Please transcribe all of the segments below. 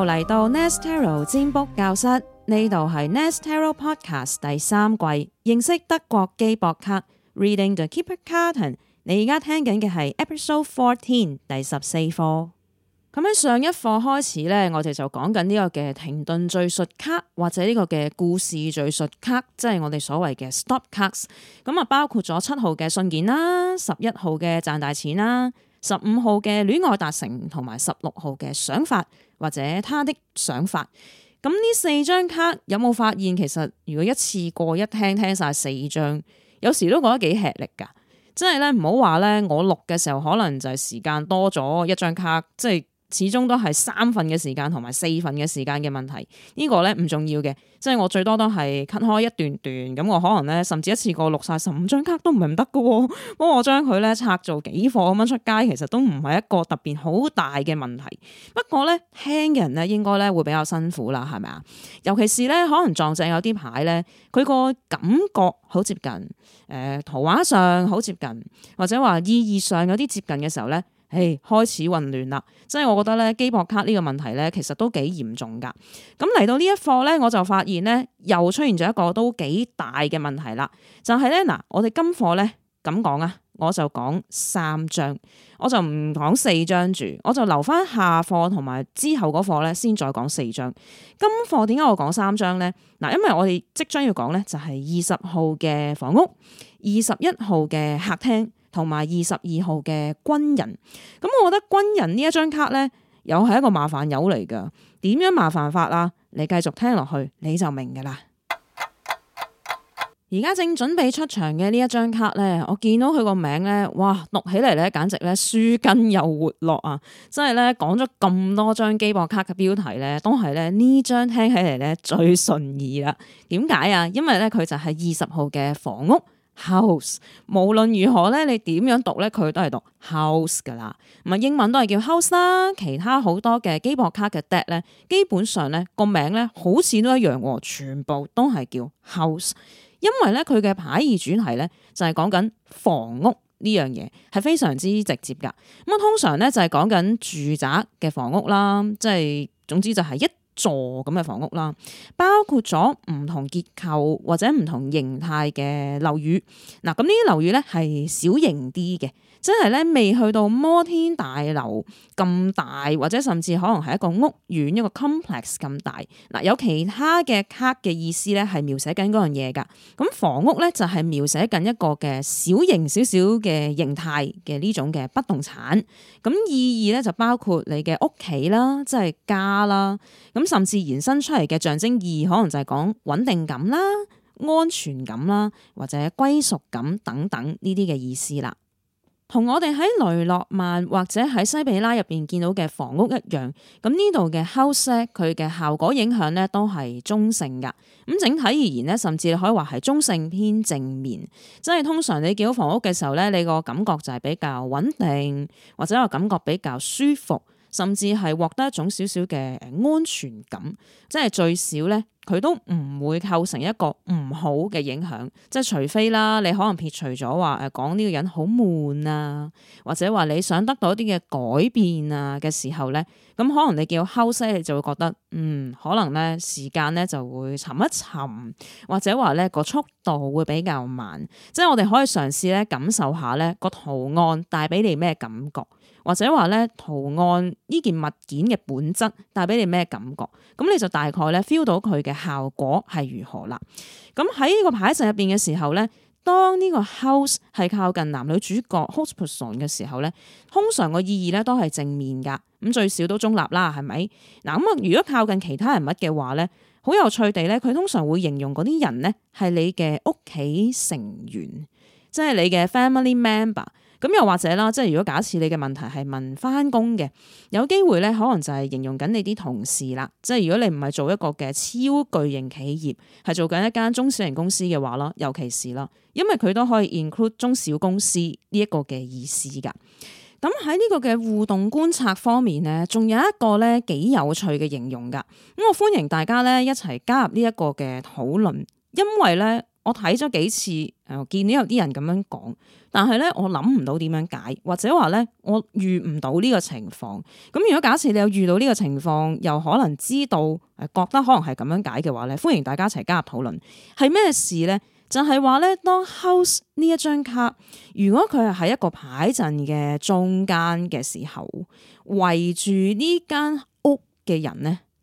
又嚟到 Nestaro 占卜教室，呢度係 Nestaro Podcast 第三季，認識德國機博卡 Reading the Keeper Carton。你而家聽緊嘅係 Episode Fourteen 第十四課。咁喺上一課開始咧，我哋就講緊呢個嘅停頓敘述卡或者呢個嘅故事敘述卡，即係我哋所謂嘅 Stop Cards。咁啊，包括咗七號嘅信件啦，十一號嘅賺大錢啦，十五號嘅戀愛達成同埋十六號嘅想法。或者他的想法，咁呢四張卡有冇發現？其實如果一次過一聽聽晒四張，有時都覺得幾吃力㗎。即係咧，唔好話咧，我錄嘅時候可能就係時間多咗一張卡，即係。始終都係三分嘅時間同埋四分嘅時間嘅問題，呢、這個咧唔重要嘅，即係我最多都係 cut 開一段段，咁我可能咧甚至一次過錄晒十五張卡都唔係唔得噶，咁我將佢咧拆做幾課咁樣出街，其實都唔係一個特別好大嘅問題。不過咧輕人咧應該咧會比較辛苦啦，係咪啊？尤其是咧可能撞正有啲牌咧，佢個感覺好接近，誒、呃，圖畫上好接近，或者話意義上有啲接近嘅時候咧。誒，hey, 開始混亂啦，所以我覺得咧，基博卡呢個問題咧，其實都幾嚴重噶。咁嚟到呢一課咧，我就發現咧，又出現咗一個都幾大嘅問題啦。就係咧，嗱，我哋今課咧咁講啊，我就講三張，我就唔講四張住，我就留翻下課同埋之後嗰課咧先再講四張。今課點解我講三張咧？嗱，因為我哋即將要講咧就係二十號嘅房屋，二十一號嘅客廳。同埋二十二號嘅軍人，咁我覺得軍人呢一張卡咧,又係一個麻煩友嚟噶點樣麻煩法啊？你繼續聽落去，你就明噶啦。而家正準備出場嘅呢一張卡咧，我見到佢個名咧，哇讀起嚟咧簡直咧舒筋又活絡啊！真係咧講咗咁多張機博卡嘅標題咧，都係咧呢張聽起嚟咧最順意啦。點解啊？因為咧佢就係二十號嘅房屋。house，無論如何咧，你點樣讀咧，佢都係讀 house 噶啦。唔係英文都係叫 house 啦。其他好多嘅基博卡嘅 deck 咧，基本上咧個名咧好似都一樣喎，全部都係叫 house。因為咧佢嘅牌意主題咧就係講緊房屋呢樣嘢，係非常之直接噶。咁啊，通常咧就係講緊住宅嘅房屋啦，即係總之就係一座咁嘅房屋啦，包括咗唔同結構或者唔同形態嘅樓宇。嗱，咁呢啲樓宇咧係小型啲嘅，即係咧未去到摩天大樓咁大，或者甚至可能係一個屋苑一個 complex 咁大。嗱，有其他嘅卡嘅意思咧係描寫緊嗰樣嘢噶，咁房屋咧就係描寫緊一個嘅小型少少嘅形態嘅呢種嘅不動產。咁意義咧就包括你嘅屋企啦，即係家啦，咁。甚至延伸出嚟嘅象徵意義，可能就係講穩定感啦、安全感啦，或者歸屬感等等呢啲嘅意思啦。同我哋喺雷諾曼或者喺西比拉入邊見到嘅房屋一樣，咁呢度嘅 house 佢嘅效果影響咧都係中性噶。咁整體而言咧，甚至可以話係中性偏正面，即係通常你見到房屋嘅時候咧，你個感覺就係比較穩定，或者個感覺比較舒服。甚至係獲得一種少少嘅安全感，即係最少咧，佢都唔會構成一個唔好嘅影響。即係除非啦，你可能撇除咗話誒講呢個人好悶啊，或者話你想得到一啲嘅改變啊嘅時候咧，咁可能你叫休息，你就會覺得嗯，可能咧時間咧就會沉一沉，或者話咧個速度會比較慢。即係我哋可以嘗試咧感受下咧個圖案帶俾你咩感覺。或者話咧圖案呢件物件嘅本質帶俾你咩感覺？咁你就大概咧 feel 到佢嘅效果係如何啦。咁喺呢個牌陣入邊嘅時候咧，當呢個 house 係靠近男女主角 houseperson 嘅時候咧，通常個意義咧都係正面㗎。咁最少都中立啦，係咪？嗱咁啊，如果靠近其他人物嘅話咧，好有趣地咧，佢通常會形容嗰啲人咧係你嘅屋企成員，即係你嘅 family member。咁又或者啦，即係如果假設你嘅問題係問返工嘅，有機會咧可能就係形容緊你啲同事啦。即係如果你唔係做一個嘅超巨型企業，係做緊一間中小型公司嘅話咯，尤其是咯，因為佢都可以 include 中小公司呢一個嘅意思㗎。咁喺呢個嘅互動觀察方面咧，仲有一個咧幾有趣嘅形容㗎。咁我歡迎大家咧一齊加入呢一個嘅討論，因為咧。我睇咗幾次，誒，見到有啲人咁樣講，但係咧，我諗唔到點樣解，或者話咧，我遇唔到呢個情況。咁如果假設你有遇到呢個情況，又可能知道誒，覺得可能係咁樣解嘅話咧，歡迎大家一齊加入討論，係咩事咧？就係話咧，當 house 呢一張卡，如果佢係喺一個牌陣嘅中間嘅時候，圍住呢間屋嘅人咧，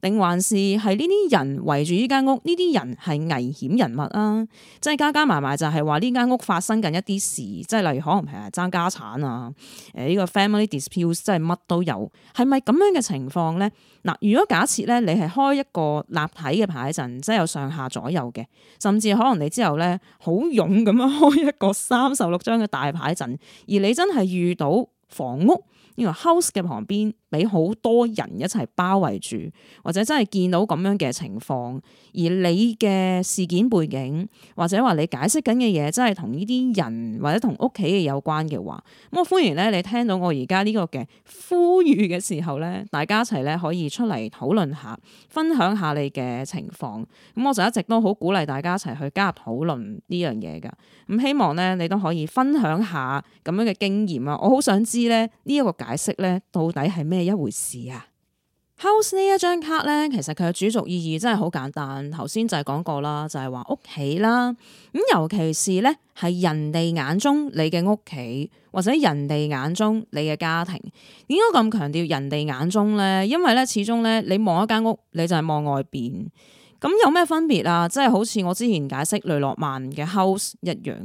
定還是係呢啲人圍住依間屋？呢啲人係危險人物啊！即係加加埋埋就係話呢間屋發生緊一啲事，即係例如可能係爭家產啊！誒呢個 family dispute 即係乜都有，係咪咁樣嘅情況咧？嗱，如果假設咧，你係開一個立體嘅牌陣，即係有上下左右嘅，甚至可能你之後咧好勇咁樣開一個三十六張嘅大牌陣，而你真係遇到房屋呢個 house 嘅旁邊。俾好多人一齊包圍住，或者真係見到咁樣嘅情況，而你嘅事件背景或者話你解釋緊嘅嘢，真係同呢啲人或者同屋企嘅有關嘅話，咁我歡迎咧你聽到我而家呢個嘅呼籲嘅時候咧，大家一齊咧可以出嚟討論下，分享下你嘅情況。咁我就一直都好鼓勵大家一齊去加入討論呢樣嘢噶。咁希望咧你都可以分享下咁樣嘅經驗啊！我好想知咧呢一個解釋咧到底係咩？係一回事啊，house 呢一張卡咧，其實佢嘅主軸意義真係好簡單。頭先就係講過啦，就係話屋企啦。咁尤其是咧，係人哋眼中你嘅屋企，或者人哋眼中你嘅家庭。點解咁強調人哋眼中咧？因為咧，始終咧，你望一間屋，你就係望外邊。咁有咩分別啊？即係好似我之前解釋雷諾曼嘅 house 一樣，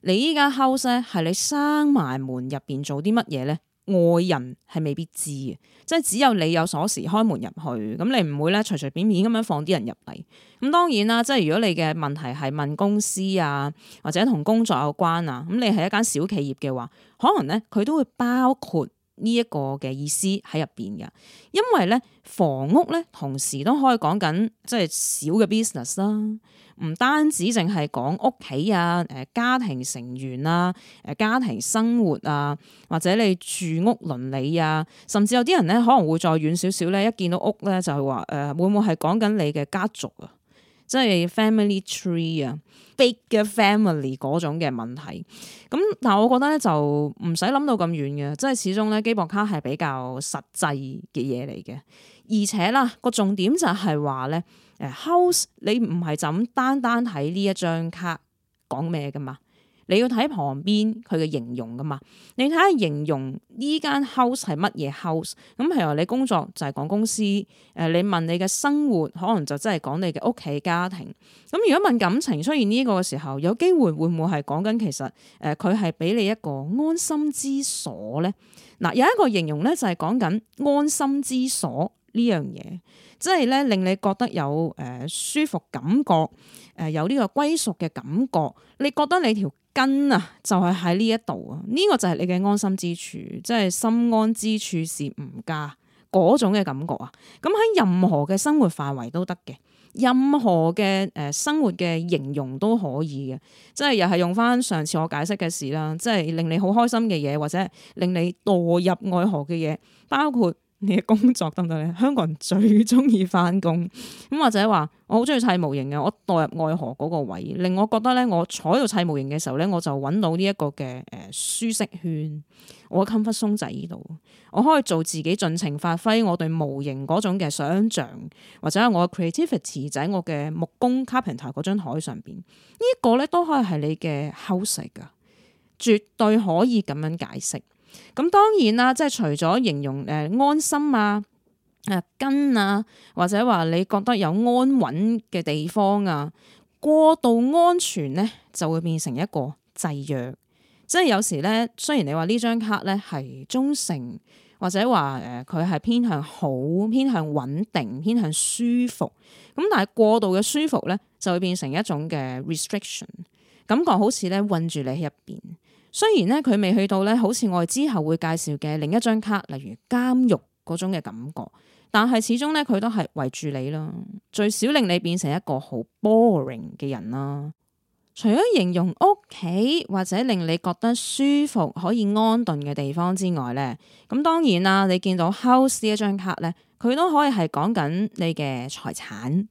你依家 house 咧係你閂埋門入邊做啲乜嘢咧？外人係未必知嘅，即係只有你有鎖匙開門入去，咁你唔會咧隨隨便便咁樣放啲人入嚟。咁當然啦，即係如果你嘅問題係問公司啊，或者同工作有關啊，咁你係一間小企業嘅話，可能咧佢都會包括。呢一個嘅意思喺入邊嘅，因為咧房屋咧同時都可以講緊即係小嘅 business 啦，唔單止淨係講屋企啊、誒家庭成員啦、啊、誒家庭生活啊，或者你住屋倫理啊，甚至有啲人咧可能會再遠少少咧，一見到屋咧就係話誒會唔、呃、會係講緊你嘅家族啊？即係 family tree 啊，big 嘅 family 嗰種嘅問題。咁但係我覺得咧就唔使諗到咁遠嘅，即係始終咧基本卡係比較實際嘅嘢嚟嘅。而且啦個重點就係話咧，誒 house 你唔係就咁單單睇呢一張卡講咩噶嘛。你要睇旁邊佢嘅形容㗎嘛。你睇下形容呢間 house 係乜嘢 house？咁譬如話你工作就係講公司，誒你問你嘅生活可能就真係講你嘅屋企家庭。咁如果問感情出現呢個嘅時候，有機會會唔會係講緊其實誒佢係俾你一個安心之所咧？嗱，有一個形容咧就係講緊安心之所呢樣嘢，即係咧令你覺得有誒舒服感覺，誒有呢個歸屬嘅感覺，你覺得你條。根啊，就係喺呢一度啊，呢個就係你嘅安心之處，即係心安之處是吾家嗰種嘅感覺啊。咁喺任何嘅生活範圍都得嘅，任何嘅誒生活嘅形容都可以嘅，即係又係用翻上次我解釋嘅事啦，即係令你好開心嘅嘢，或者令你墮入愛河嘅嘢，包括。你嘅工作得唔得？咧，香港人最中意返工咁，或者話我好中意砌模型嘅，我代入愛河嗰個位令我覺得咧，我坐喺度砌模型嘅時候咧，我就搵到呢一個嘅誒舒適圈，我 comfort zone 喺呢度，我可以做自己盡情發揮我對模型嗰種嘅想象或者係我 creativity 就喺我嘅木工 carpenter 台嗰張台上邊呢一個咧都可以係你嘅 housework，絕對可以咁樣解釋。咁當然啦，即係除咗形容誒、呃、安心啊、誒、呃、根啊，或者話你覺得有安穩嘅地方啊，過度安全咧就會變成一個制約。即係有時咧，雖然你話呢張卡咧係中性，或者話誒佢係偏向好偏向穩定、偏向舒服，咁但係過度嘅舒服咧就會變成一種嘅 restriction，感覺好似咧困住你喺入邊。雖然咧佢未去到咧，好似我哋之後會介紹嘅另一張卡，例如監獄嗰種嘅感覺，但係始終咧佢都係圍住你咯，最少令你變成一個好 boring 嘅人啦。除咗形容屋企或者令你覺得舒服可以安頓嘅地方之外咧，咁當然啦，你見到 house 呢一張卡咧，佢都可以係講緊你嘅財產。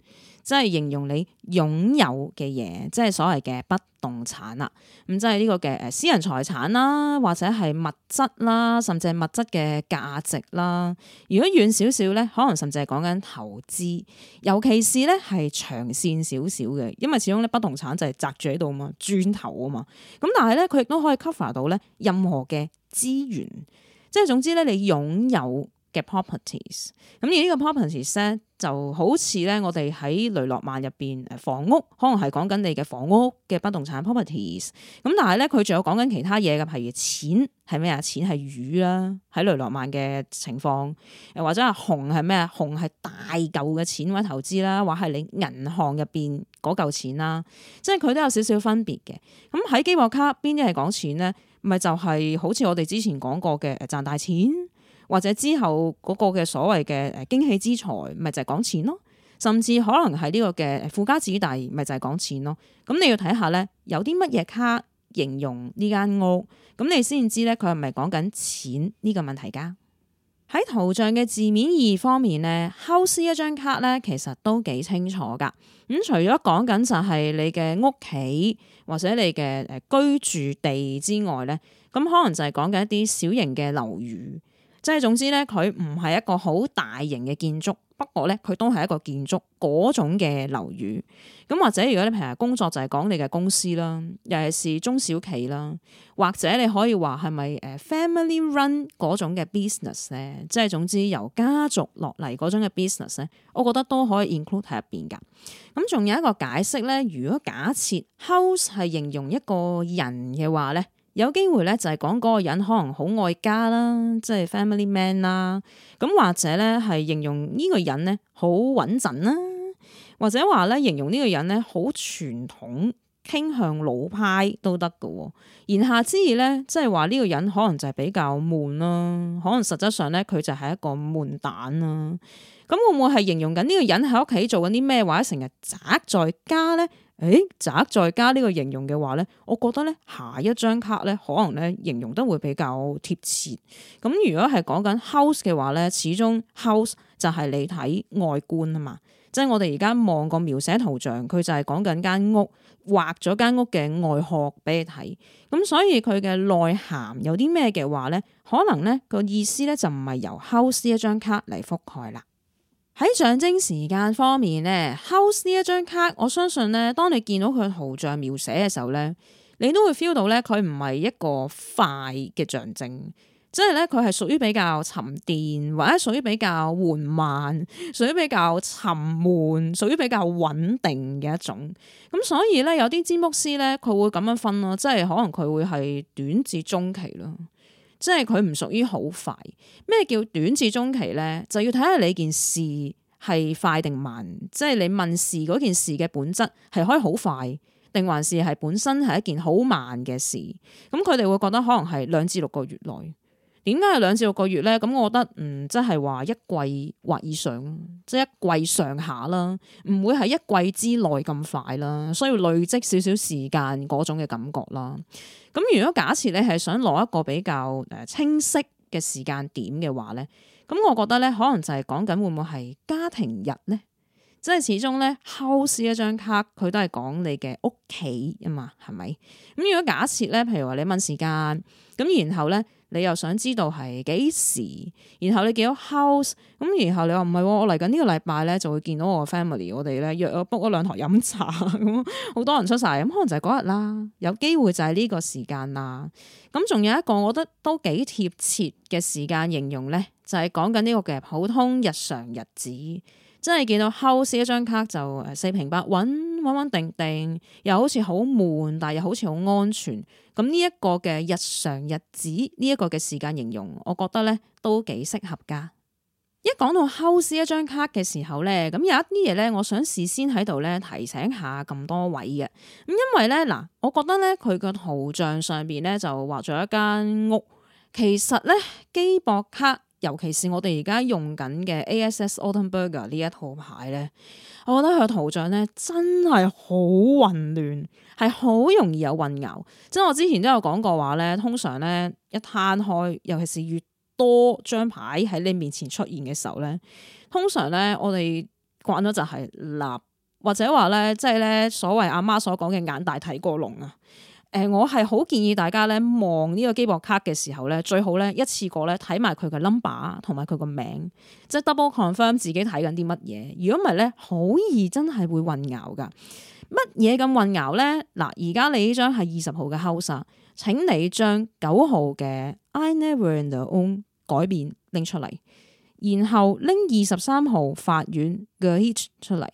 即係形容你擁有嘅嘢，即係所謂嘅不動產啦，咁即係呢個嘅誒私人財產啦，或者係物質啦，甚至係物質嘅價值啦。如果遠少少咧，可能甚至係講緊投資，尤其是咧係長線少少嘅，因為始終咧不動產就係集住喺度啊嘛，磚頭啊嘛。咁但係咧，佢亦都可以 cover 到咧任何嘅資源，即係總之咧你擁有嘅 properties，咁而呢個 properties 咧就好似咧，我哋喺雷諾曼入邊，房屋可能係講緊你嘅房屋嘅不動產 properties，咁但係咧佢仲有講緊其他嘢，譬如錢係咩啊？錢係魚啦，喺雷諾曼嘅情況，又或者係熊係咩？熊係大嚿嘅錢或者投資啦，或係你銀行入邊嗰嚿錢啦，即係佢都有少少分別嘅。咁喺基博卡邊啲係講錢咧？咪就係、是、好似我哋之前講過嘅賺大錢。或者之後嗰個嘅所謂嘅誒驚喜之財，咪就係講錢咯。甚至可能係呢個嘅富家子弟，咪就係講錢咯。咁你要睇下咧，有啲乜嘢卡形容呢間屋，咁你先知咧佢係咪係講緊錢呢個問題㗎？喺圖像嘅字面意義方面呢，後司一張卡咧，其實都幾清楚㗎。咁除咗講緊就係你嘅屋企或者你嘅誒居住地之外咧，咁可能就係講緊一啲小型嘅樓宇。即係總之咧，佢唔係一個好大型嘅建築，不過咧，佢都係一個建築嗰種嘅樓宇。咁或者如果你平日工作就係講你嘅公司啦，尤其是中小企啦，或者你可以話係咪誒 family run 嗰種嘅 business 咧？即係總之由家族落嚟嗰種嘅 business 咧，我覺得都可以 include 喺入邊㗎。咁仲有一個解釋咧，如果假設 house 係形容一個人嘅話咧。有機會咧就係講嗰個人可能好愛家啦，即係 family man 啦。咁或者咧係形容呢個人咧好穩陣啦，或者話咧形容呢個人咧好傳統，傾向老派都得噶。言下之意咧即係話呢個人可能就係比較悶啦，可能實質上咧佢就係一個悶蛋啦。咁會唔會係形容緊呢個人喺屋企做緊啲咩或者成日宅在家咧？誒、欸、宅再加呢個形容嘅話咧，我覺得咧下一張卡咧可能咧形容得會比較貼切。咁如果係講緊 house 嘅話咧，始終 house 就係你睇外觀啊嘛，即係我哋而家望個描寫圖像，佢就係講緊間屋畫咗間屋嘅外殼俾你睇。咁所以佢嘅內涵有啲咩嘅話咧，可能咧個意思咧就唔係由 house 一張卡嚟覆蓋啦。喺象徵時間方面呢 house 呢一張卡，我相信呢，當你見到佢圖像描寫嘅時候呢你都會 feel 到呢，佢唔係一個快嘅象徵，即係呢，佢係屬於比較沉澱或者屬於比較緩慢、屬於比較沉悶、屬於比較穩定嘅一種。咁所以呢，有啲占卜師呢，佢會咁樣分咯，即係可能佢會係短至中期咯。即係佢唔屬於好快。咩叫短至中期咧？就要睇下你件事係快定慢。即係你問事嗰件事嘅本質係可以好快，定還是係本身係一件好慢嘅事？咁佢哋會覺得可能係兩至六個月內。點解係兩至六個月咧？咁我覺得，嗯，即係話一季或以上，即係一季上下啦，唔會係一季之內咁快啦，需要累積少少時間嗰種嘅感覺啦。咁如果假設你係想攞一個比較誒清晰嘅時間點嘅話咧，咁我覺得咧，可能就係講緊會唔會係家庭日咧？即係始終咧，house 一張卡佢都係講你嘅屋企啊嘛，係咪？咁如果假設咧，譬如話你問時間，咁然後咧。你又想知道係幾時？然後你幾多 house？咁然後你話唔係，我嚟緊呢個禮拜咧就會見到我個 family，我哋咧約咗 book 咗兩台飲茶，咁好多人出晒，咁可能就係嗰日啦。有機會就係呢個時間啦。咁仲有一個，我覺得都幾貼切嘅時間形容咧，就係講緊呢個嘅普通日常日子。真係見到 House 一張卡就四平八穩穩穩定定，又好似好悶，但又好似好安全。咁呢一個嘅日常日子，呢、這、一個嘅時間形容，我覺得咧都幾適合噶。一講到 House 一張卡嘅時候咧，咁有一啲嘢咧，我想事先喺度咧提醒下咁多位嘅。咁因為咧嗱，我覺得咧佢嘅圖像上邊咧就畫咗一間屋，其實咧機博卡。尤其是我哋而家用緊嘅 A.S.S. Autumnberger 呢一套牌咧，我覺得佢嘅圖像咧真係好混亂，係好容易有混淆。即係我之前都有講過話咧，通常咧一攤開，尤其是越多張牌喺你面前出現嘅時候咧，通常咧我哋慣咗就係立，或者話咧即係咧所謂阿媽所講嘅眼大睇過龍啊。誒，我係好建議大家咧望呢個機博卡嘅時候咧，最好咧一次過咧睇埋佢嘅 number 同埋佢個名，即係 double confirm 自己睇緊啲乜嘢。如果唔係咧，好易真係會混淆噶。乜嘢咁混淆咧？嗱，而家你呢張係二十號嘅 house，請你將九號嘅 I Never Know 改變拎出嚟，然後拎二十三號法院嘅 Hit 出嚟，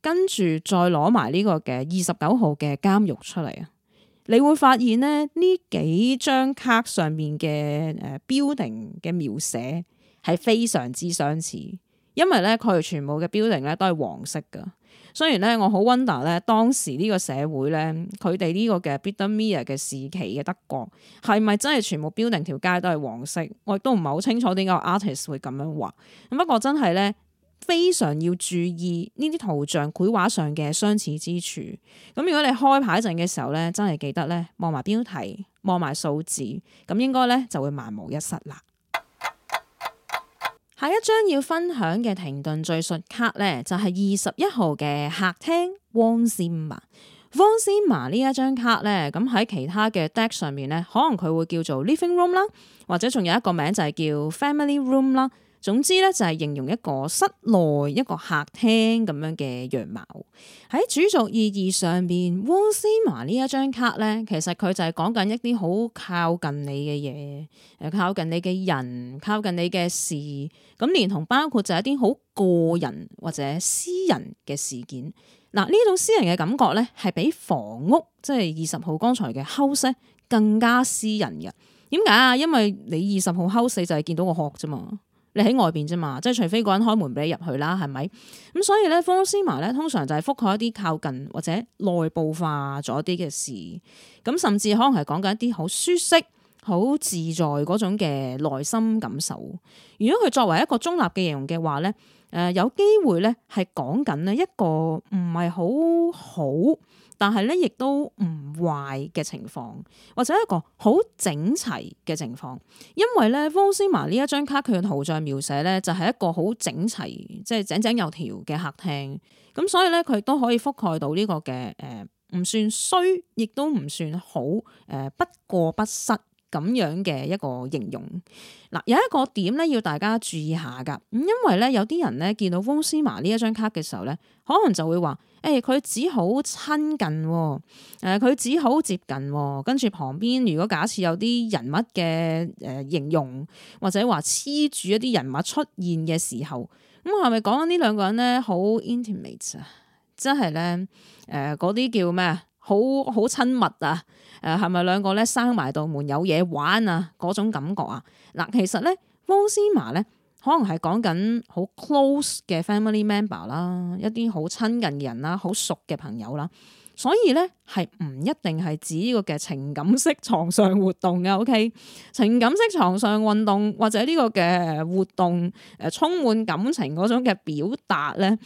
跟住再攞埋呢個嘅二十九號嘅監獄出嚟啊。你會發現咧，呢幾張卡上面嘅誒 building 嘅描寫係非常之相似，因為咧佢哋全部嘅 building 咧都係黃色噶。雖然咧我好 wonder 咧當時呢個社會咧佢哋呢個嘅 Biedermeier 嘅時期嘅德國係咪真係全部 building 條街都係黃色？我亦都唔係好清楚點解 artist 會咁樣畫。咁不過真係咧。非常要注意呢啲圖像繪畫上嘅相似之處。咁如果你開牌陣嘅時候咧，真係記得咧，望埋標題，望埋數字，咁應該咧就會萬無一失啦。下一張要分享嘅停頓敘述卡咧，就係二十一號嘅客廳。Wong Sima Wong Sima，呢一張卡咧，咁喺其他嘅 deck 上面咧，可能佢會叫做 living room 啦，或者仲有一個名就係叫 family room 啦。總之咧就係、是、形容一個室內一個客廳咁樣嘅樣貌。喺主族意義上邊，汪思華呢一張卡咧，其實佢就係講緊一啲好靠近你嘅嘢，誒，靠近你嘅人，靠近你嘅事，咁連同包括就一啲好個人或者私人嘅事件嗱。呢種私人嘅感覺咧，係比房屋即係二十號剛才嘅 house 更加私人嘅。點解啊？因為你二十號 house 就係見到個殼啫嘛。你喺外邊啫嘛，即係除非嗰人開門俾你入去啦，係咪？咁所以咧，Four Sima 咧通常就係覆蓋一啲靠近或者內部化咗啲嘅事，咁甚至可能係講緊一啲好舒適、好自在嗰種嘅內心感受。如果佢作為一個中立嘅形容嘅話咧。誒有機會咧係講緊咧一個唔係好好，但係咧亦都唔壞嘅情況，或者一個好整齊嘅情況，因為咧 Vosma 呢一張卡佢嘅圖像描寫咧就係、是、一個好整齊，即、就、係、是、井井有條嘅客廳，咁所以咧佢都可以覆蓋到呢個嘅誒唔算衰，亦都唔算好，誒、呃、不過不失。咁樣嘅一個形容，嗱有一個點咧要大家注意下㗎，咁因為咧有啲人咧見到翁思麻呢一張卡嘅時候咧，可能就會話：誒、欸、佢只好親近、哦，誒、呃、佢只好接近、哦，跟住旁邊如果假設有啲人物嘅誒、呃、形容，或者話黐住一啲人物出現嘅時候，咁係咪講緊呢兩個人咧好 intimate 啊？真係咧，誒嗰啲叫咩啊？好好親密啊！誒，係咪兩個咧生埋到門有嘢玩啊，嗰種感覺啊嗱、呃，其實咧，汪 m a 咧可能係講緊好 close 嘅 family member 啦，一啲好親近嘅人啦，好熟嘅朋友啦，所以咧係唔一定係指呢個嘅情感式床上活動嘅。O.K. 情感式床上運動或者呢個嘅活動誒、呃、充滿感情嗰種嘅表達咧，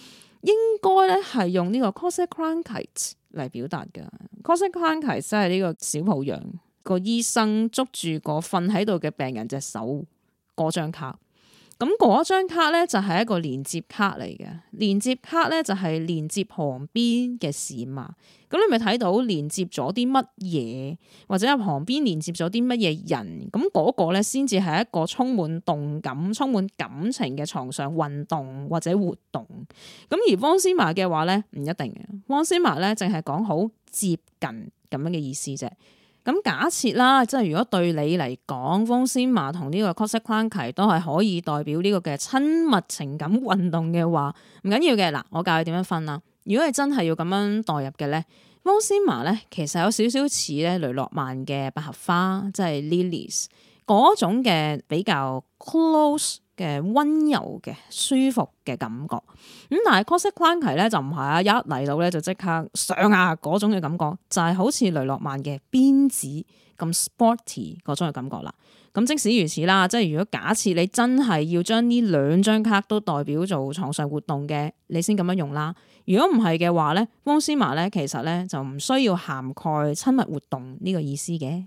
應該咧係用呢個 consequent 嚟表達㗎，cosmic crisis 係呢個小抱養個醫生捉住個瞓喺度嘅病人隻手過張卡。咁嗰張卡咧就係、是、一個連接卡嚟嘅，連接卡咧就係、是、連接旁邊嘅事嘛。咁你咪睇到連接咗啲乜嘢，或者喺旁邊連接咗啲乜嘢人？咁、那、嗰個咧先至係一個充滿動感、充滿感情嘅床上運動或者活動。咁而汪思麻嘅話咧唔一定嘅，汪思麻咧淨係講好接近咁樣嘅意思啫。咁假設啦，即係如果對你嚟講，方絲麻同呢個 consequence 都係可以代表呢個嘅親密情感運動嘅話，唔緊要嘅嗱，我教你點樣分啦。如果係真係要咁樣代入嘅咧，方絲麻咧其實有少少似咧雷諾曼嘅百合花，即係 lilies 嗰種嘅比較 close。嘅温柔嘅舒服嘅感覺，咁、嗯、但係 cosplay 咧就唔係啊，一嚟到咧就即刻上啊嗰種嘅感覺，就係、是、好似雷諾曼嘅鞭子咁 sporty 嗰種嘅感覺啦。咁、嗯、即使如此啦，即係如果假設你真係要將呢兩張卡都代表做床上活動嘅，你先咁樣用啦。如果唔係嘅話咧，汪斯瑪咧其實咧就唔需要涵蓋親密活動呢個意思嘅。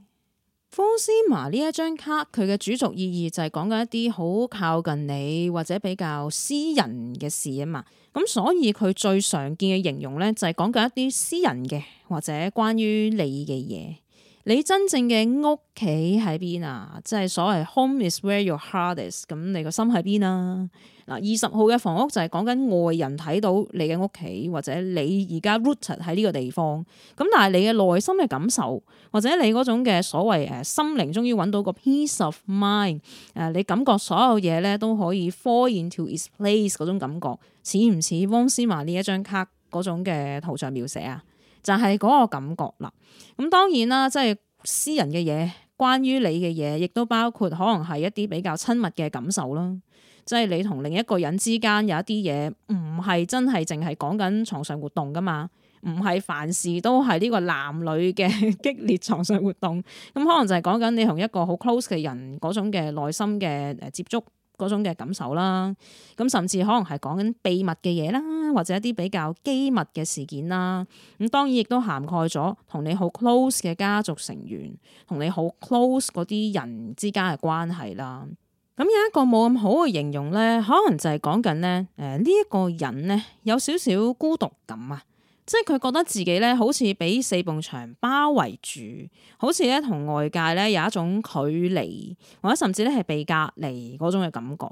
方思麻呢一張卡，佢嘅主族意義就係講緊一啲好靠近你或者比較私人嘅事啊嘛，咁所以佢最常見嘅形容咧就係講緊一啲私人嘅或者關於你嘅嘢。你真正嘅屋企喺邊啊？即係所謂 home is where your heart is。咁你個心喺邊啊？嗱，二十號嘅房屋就係講緊外人睇到你嘅屋企，或者你而家 root 喺呢個地方。咁但係你嘅內心嘅感受，或者你嗰種嘅所謂誒心靈終於揾到個 peace of mind。誒，你感覺所有嘢咧都可以 fall into its place 嗰種感覺，似唔似汪斯曼呢一張卡嗰種嘅圖像描寫啊？就係嗰個感覺啦。咁當然啦，即係私人嘅嘢，關於你嘅嘢，亦都包括可能係一啲比較親密嘅感受咯。即係你同另一個人之間有一啲嘢，唔係真係淨係講緊床上活動㗎嘛，唔係凡事都係呢個男女嘅激烈床上活動。咁可能就係講緊你同一個好 close 嘅人嗰種嘅內心嘅誒接觸。嗰種嘅感受啦，咁甚至可能係講緊秘密嘅嘢啦，或者一啲比較機密嘅事件啦。咁當然亦都涵蓋咗同你好 close 嘅家族成員，同你好 close 嗰啲人之間嘅關係啦。咁有一個冇咁好嘅形容咧，可能就係講緊咧，誒呢一個人咧有少少孤獨感啊。即係佢覺得自己咧，好似俾四埲牆包圍住，好似咧同外界咧有一種距離，或者甚至咧係被隔離嗰種嘅感覺。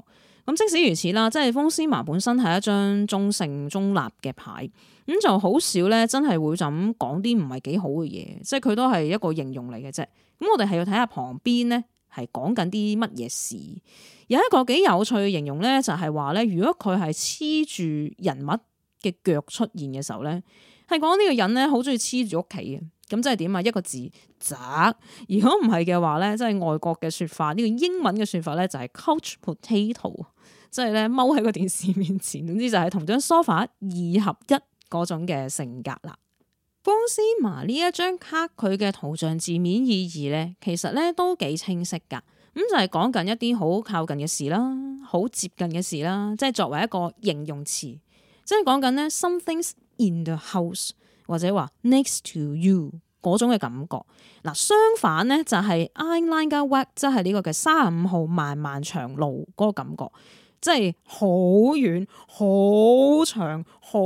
咁即使如此啦，即係封斯曼本身係一張中性中立嘅牌，咁就好少咧真係會咁講啲唔係幾好嘅嘢。即係佢都係一個形容嚟嘅啫。咁我哋係要睇下旁邊呢係講緊啲乜嘢事。有一個幾有趣嘅形容咧，就係話咧，如果佢係黐住人物。嘅腳出現嘅時候咧，係講呢個人咧好中意黐住屋企嘅，咁即係點啊？一個字宅。如果唔係嘅話咧，即係外國嘅說法，呢個英文嘅說法咧就係 couch potato，即係咧踎喺個電視面前，總之就係同張 sofa 二合一嗰種嘅性格啦。方絲麻呢一張卡，佢嘅圖像字面意義咧，其實咧都幾清晰噶。咁就係講緊一啲好靠近嘅事啦，好接近嘅事啦，即係作為一個形容詞。即係講緊呢 somethings in the house 或者話 next to you 嗰種嘅感覺。嗱，相反呢，就係 I like a walk，即係呢個嘅三十五號漫漫長路嗰個感覺，即係好遠、好長、好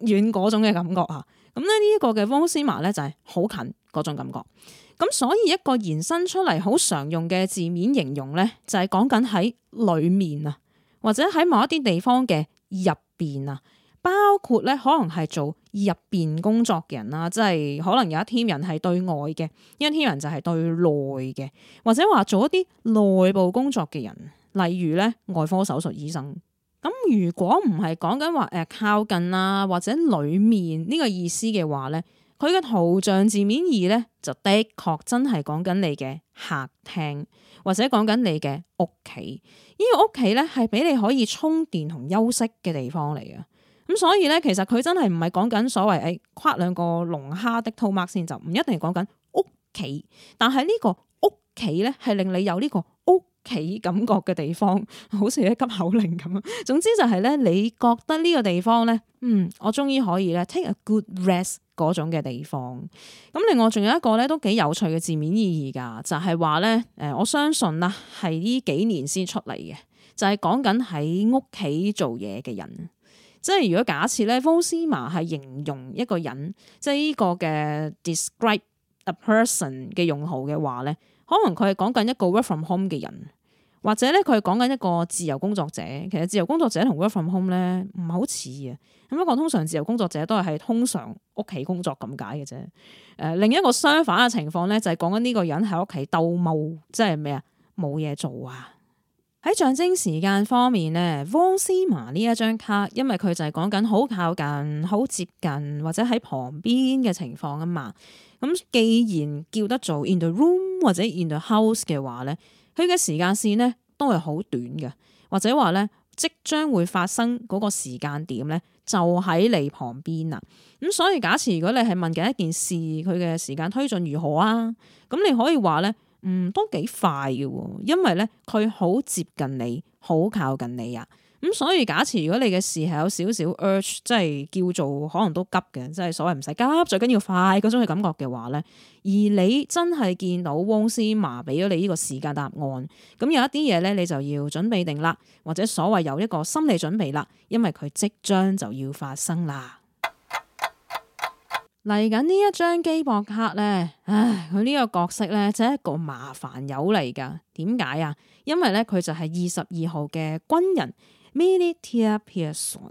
遠嗰種嘅感覺啊。咁呢，呢一個嘅 o e s i m a 呢，就係好近嗰種感覺。咁、就是 like 就是就是、所以一個延伸出嚟好常用嘅字面形容呢，就係講緊喺裏面啊，或者喺某一啲地方嘅入。邊啊？包括咧，可能係做入邊工作嘅人啦，即係可能有一 team 人係對外嘅，一 team 人就係對內嘅，或者話做一啲內部工作嘅人，例如咧，外科手術醫生。咁如果唔係講緊話誒靠近啊，或者裏面呢個意思嘅話咧？佢嘅圖像字面意咧，就的確真係講緊你嘅客廳，或者講緊你嘅屋企，呢個屋企咧係俾你可以充電同休息嘅地方嚟嘅。咁所以咧，其實佢真係唔係講緊所謂誒跨兩個龍蝦的套麥先，就唔一定係講緊屋企。但係呢個屋企咧，係令你有呢個屋。企感覺嘅地方，好似一急口令咁。總之就係咧，你覺得呢個地方咧，嗯，我終於可以咧 take a good rest 嗰種嘅地方。咁另外仲有一個咧，都幾有趣嘅字面意義㗎，就係話咧，誒，我相信啦，係呢幾年先出嚟嘅，就係講緊喺屋企做嘢嘅人。即係如果假設咧，Vosma 係形容一個人，即係呢個嘅 describe a person 嘅用詞嘅話咧，可能佢係講緊一個 work from home 嘅人。或者咧，佢係講緊一個自由工作者。其實自由工作者同 work from home 咧唔係好似啊。咁不過通常自由工作者都係喺通常屋企工作咁解嘅啫。誒、呃，另一個相反嘅情況咧，就係講緊呢個人喺屋企鬥踎，即係咩啊？冇嘢做啊！喺象徵時間方面呢，汪斯瑪呢一張卡，因為佢就係講緊好靠近，好接近或者喺旁邊嘅情況啊嘛。咁既然叫得做 in the room 或者 in the house 嘅話咧，佢嘅時間線咧都係好短嘅，或者話咧即將會發生嗰個時間點咧就喺你旁邊喇，咁所以假設如果你係問緊一件事，佢嘅時間推進如何啊？咁你可以話咧，嗯都幾快嘅，因為咧佢好接近你，好靠近你啊。咁、嗯、所以假設如果你嘅事係有少少 urge，即係叫做可能都急嘅，即係所謂唔使急，最緊要快嗰種嘅感覺嘅話咧，而你真係見到汪斯麻俾咗你呢個時間答案，咁有一啲嘢咧，你就要準備定啦，或者所謂有一個心理準備啦，因為佢即將就要發生啦。嚟緊呢一張機博卡咧，唉，佢呢個角色咧，就係一個麻煩友嚟噶。點解啊？因為咧，佢就係二十二號嘅軍人。Militia Person,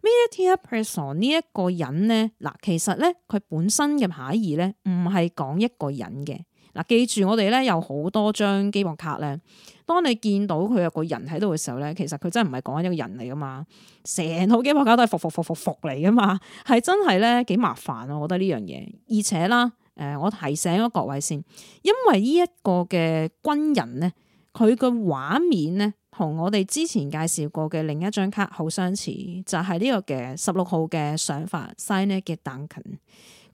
Militia Person 呢一個人咧嗱，其實咧佢本身嘅含義咧唔係講一個人嘅嗱。記住我哋咧有好多張機博卡咧，當你見到佢有個人喺度嘅時候咧，其實佢真係唔係講緊一個人嚟噶嘛，成套機博卡都係複复复复複嚟噶嘛，係真係咧幾麻煩啊！我覺得呢樣嘢，而且啦，誒，我提醒咗各位先，因為呢一個嘅軍人咧，佢個畫面咧。同我哋之前介紹過嘅另一張卡好相似，就係、是、呢個嘅十六號嘅想法。Seine Gedanken。n、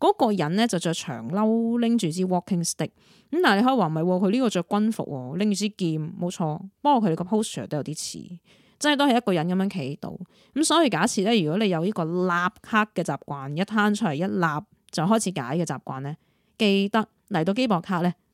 那、嗰個人呢，就着長褸拎住支 walking stick。咁但係你可以話唔係，佢呢、哦、個着軍服、哦，拎住支劍，冇錯。不過佢哋個 posture 都有啲似，真係都係一個人咁樣企喺度。咁、嗯、所以假設呢，如果你有呢個立卡嘅習慣，一攤出嚟一立就開始解嘅習慣呢，記得嚟到機博卡呢。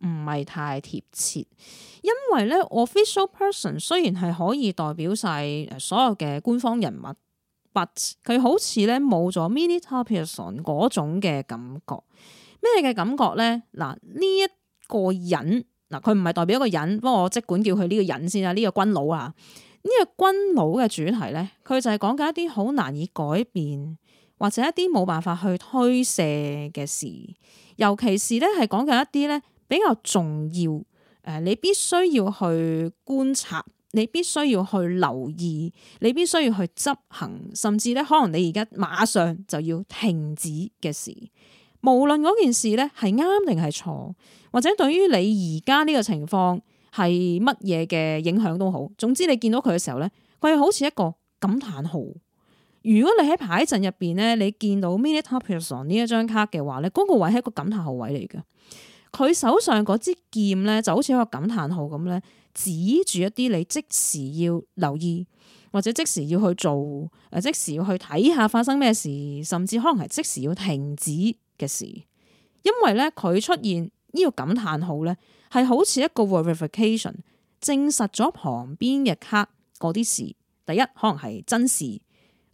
唔係太貼切，因為咧 official person 雖然係可以代表晒所有嘅官方人物，but 佢好似咧冇咗 mini top person 嗰種嘅感覺。咩嘅感覺咧？嗱呢一個人，嗱佢唔係代表一個人，不過我即管叫佢呢個人先，這個、啊，呢、這個軍佬啊，呢個軍佬嘅主題咧，佢就係講緊一啲好難以改變或者一啲冇辦法去推卸嘅事，尤其是咧係講緊一啲咧，比較重要，誒，你必須要去觀察，你必須要去留意，你必須要去執行，甚至咧，可能你而家馬上就要停止嘅事，無論嗰件事咧係啱定係錯，或者對於你而家呢個情況係乜嘢嘅影響都好，總之你見到佢嘅時候咧，佢好似一個感嘆號。如果你喺牌陣入邊咧，你見到 Mini Top Person 呢一張卡嘅話咧，嗰個位係一個感嘆號位嚟嘅。佢手上嗰支劍咧，就好似一個感嘆號咁咧，指住一啲你即時要留意，或者即時要去做，誒，即時要去睇下發生咩事，甚至可能係即時要停止嘅事。因為咧，佢出現呢個感嘆號咧，係好似一個 verification 證實咗旁邊嘅卡嗰啲事。第一，可能係真事。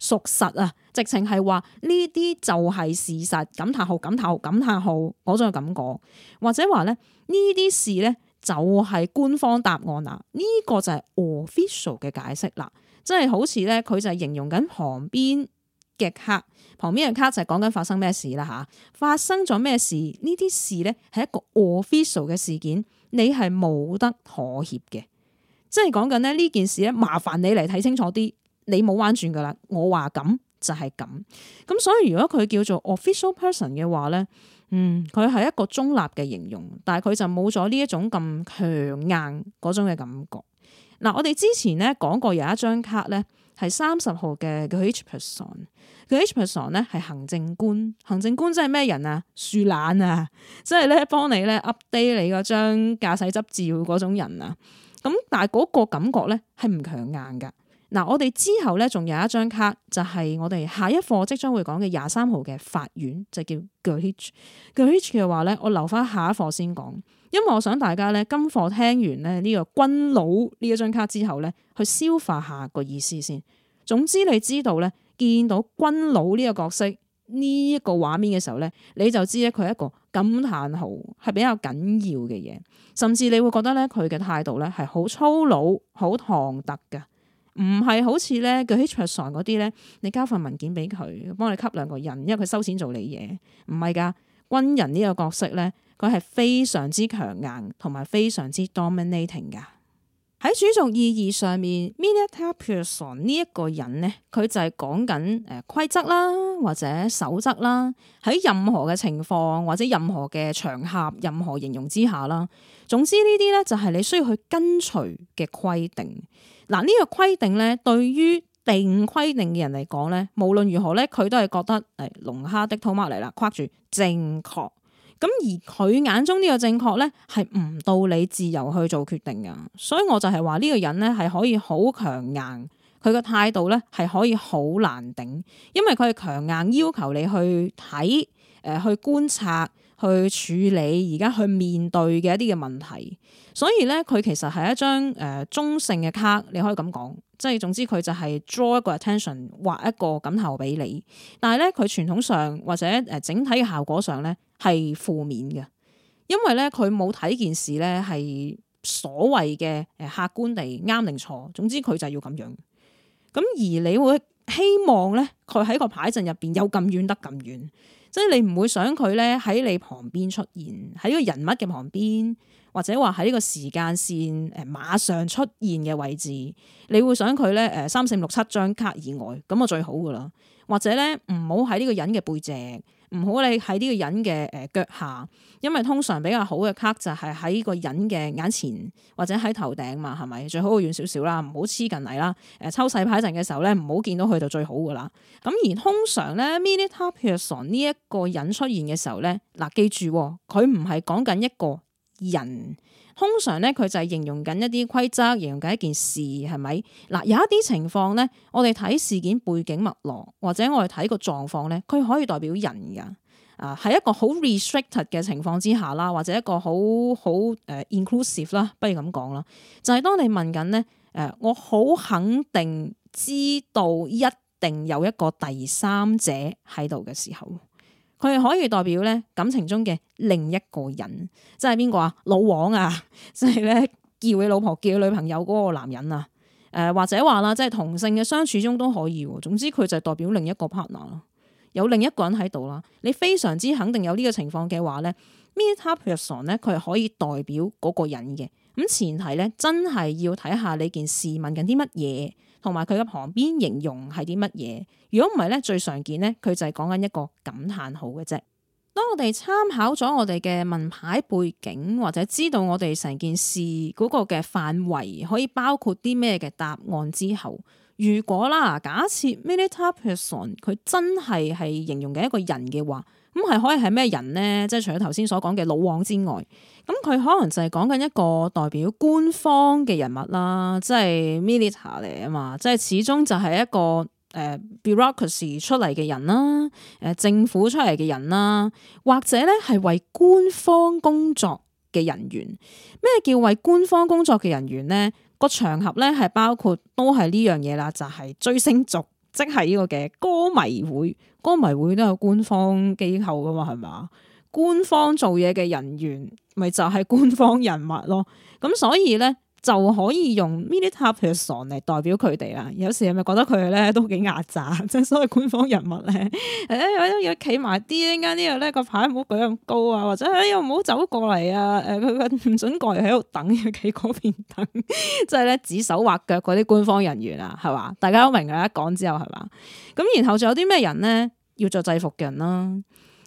屬實啊，直情係話呢啲就係事實。感嘆號、感嘆號、感嘆號，我仲要咁講，或者話咧呢啲事咧就係官方答案啦。呢個就係 official 嘅解釋啦，即係好似咧佢就係形容緊旁邊嘅卡，旁邊嘅卡就係講緊發生咩事啦吓，發生咗咩事呢啲事咧係一個 official 嘅事件，你係冇得妥協嘅，即係講緊咧呢件事咧麻煩你嚟睇清楚啲。你冇玩轉噶啦，我話咁就係咁，咁所以如果佢叫做 official person 嘅話咧，嗯，佢係一個中立嘅形容，但係佢就冇咗呢一種咁強硬嗰種嘅感覺。嗱、嗯，我哋之前咧講過有一張卡咧係三十號嘅叫 H person，佢 H person 咧係行政官，行政官即係咩人啊？樹懶啊，即係咧幫你咧 update 你嗰張駕駛執照嗰種人啊。咁但係嗰個感覺咧係唔強硬噶。嗱，我哋之後咧，仲有一張卡就係、是、我哋下一課即將會講嘅廿三號嘅法院，就是、叫 Gorge。Gorge 嘅話咧，我留翻下，下一課先講，因為我想大家咧，今課聽完咧、這、呢個軍佬」呢一張卡之後咧，去消化下個意思先。總之，你知道咧見到軍佬」呢個角色呢一、這個畫面嘅時候咧，你就知咧佢係一個感嘆號係比較緊要嘅嘢，甚至你會覺得咧佢嘅態度咧係好粗魯、好唐突嘅。唔係好似咧，佢喺桌上嗰啲咧，你交份文件俾佢，幫你吸兩個人，因為佢收錢做你嘢，唔係噶。軍人呢個角色咧，佢係非常之強硬，同埋非常之 dominating 噶。喺主從意義上面，mediator person 呢一個人呢，佢就係講緊誒規則啦，或者守則啦，喺任何嘅情況或者任何嘅場合，任何形容之下啦，總之呢啲咧就係你需要去跟隨嘅規定。嗱，呢個規定咧，對於定規定嘅人嚟講咧，無論如何咧，佢都係覺得誒、哎，龍蝦的土貓嚟啦，框住正確。咁而佢眼中呢個正確咧，係唔到你自由去做決定噶。所以我就係話呢個人咧，係可以好強硬，佢嘅態度咧係可以好難頂，因為佢係強硬要求你去睇誒、呃，去觀察。去處理而家去面對嘅一啲嘅問題，所以咧佢其實係一張誒中性嘅卡，你可以咁講，即係總之佢就係 draw 一個 attention 畫一個錦頭俾你，但係咧佢傳統上或者誒整體嘅效果上咧係負面嘅，因為咧佢冇睇件事咧係所謂嘅誒客觀地啱定錯，總之佢就係要咁樣，咁而你會。希望咧，佢喺個牌陣入邊有咁遠得咁遠，即係你唔會想佢咧喺你旁邊出現，喺呢個人物嘅旁邊，或者話喺呢個時間線誒，馬上出現嘅位置，你會想佢咧誒三四五六七張卡以外咁啊最好噶啦，或者呢唔好喺呢個人嘅背脊。唔好你喺呢個人嘅，誒，腳下，因為通常比較好嘅卡就係喺個人嘅眼前或者喺頭頂嘛，係咪？最好遠少少啦，唔好黐近嚟啦。誒，抽細牌陣嘅時候咧，唔好見到佢就最好噶啦。咁而通常咧，mini top person 呢一個人出現嘅時候咧，嗱、呃，記住佢唔係講緊一個。人通常咧，佢就係形容緊一啲規則，形容緊一件事，係咪？嗱，有一啲情況咧，我哋睇事件背景脈絡，或者我哋睇個狀況咧，佢可以代表人㗎。啊、呃，係一個好 restricted 嘅情況之下啦，或者一個好好誒 inclusive 啦，不如咁講啦，就係、係、當你問緊咧，誒、呃，我好肯定知道一定有一個第三者喺度嘅時候。佢係可以代表咧感情中嘅另一個人，即係邊個啊？老王啊，即係咧叫你老婆、叫你女朋友嗰個男人啊。誒、呃、或者話啦，即係同性嘅相處中都可以。總之佢就代表另一個 partner 咯，有另一個人喺度啦。你非常之肯定有呢個情況嘅話咧 m i d a p r e s s o n 咧，佢係可以代表嗰個人嘅。咁前提咧，真係要睇下你件事問緊啲乜嘢。同埋佢嘅旁邊形容係啲乜嘢？如果唔係咧，最常見咧，佢就係講緊一個感嘆號嘅啫。當我哋參考咗我哋嘅文牌背景，或者知道我哋成件事嗰個嘅範圍，可以包括啲咩嘅答案之後。如果啦，假設 militar person 佢真係係形容嘅一個人嘅話，咁係可以係咩人呢？即係除咗頭先所講嘅老王之外，咁佢可能就係講緊一個代表官方嘅人物啦，即係 militar 嚟啊嘛，即係始終就係一個誒、呃、bureaucracy 出嚟嘅人啦，誒政府出嚟嘅人啦，或者咧係為官方工作嘅人員。咩叫為官方工作嘅人員呢？個場合咧係包括都係呢樣嘢啦，就係、是、追星族，即係呢個嘅歌迷會，歌迷會都有官方機構噶嘛，係咪？官方做嘢嘅人員，咪就係、是、官方人物咯。咁所以咧。就可以用 media spokesperson 嚟代表佢哋啦。有時係咪覺得佢哋咧都幾壓榨？即係所謂官方人物咧，誒、哎、誒要企埋啲啊！呢個咧，個牌唔好舉咁高啊，或者誒唔好走過嚟啊！誒佢佢唔准過嚟喺度等，要企嗰邊等，即係咧指手畫腳嗰啲官方人員啦，係嘛？大家都明啦，一講之後係嘛？咁然後仲有啲咩人咧？要着制服嘅人啦？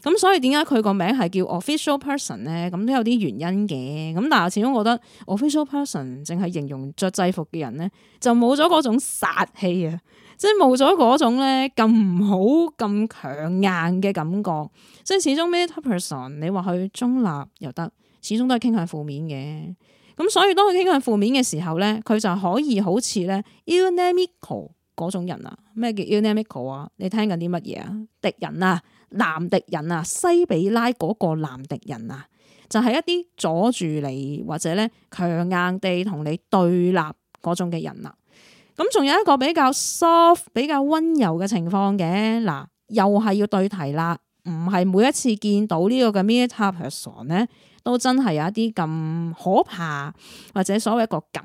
咁所以點解佢個名係叫 official person 咧？咁都有啲原因嘅。咁但係始終覺得 official person 淨係形容着制服嘅人咧，就冇咗嗰種殺氣啊，即係冇咗嗰種咧咁唔好咁強硬嘅感覺。即係始終咩 type person，你話佢中立又得，始終都係傾向負面嘅。咁所以當佢傾向負面嘅時候咧，佢就可以好似咧 unamico 嗰種人啊。咩叫 unamico 啊？你聽緊啲乜嘢啊？敵人啊！男敵人啊，西比拉嗰個男敵人啊，就係、是、一啲阻住你或者咧強硬地同你對立嗰種嘅人啦、啊。咁仲有一個比較 soft、比較溫柔嘅情況嘅嗱，又係要對題啦。唔係每一次見到呢個嘅 meta person 呢，都真係有一啲咁可怕或者所謂一個感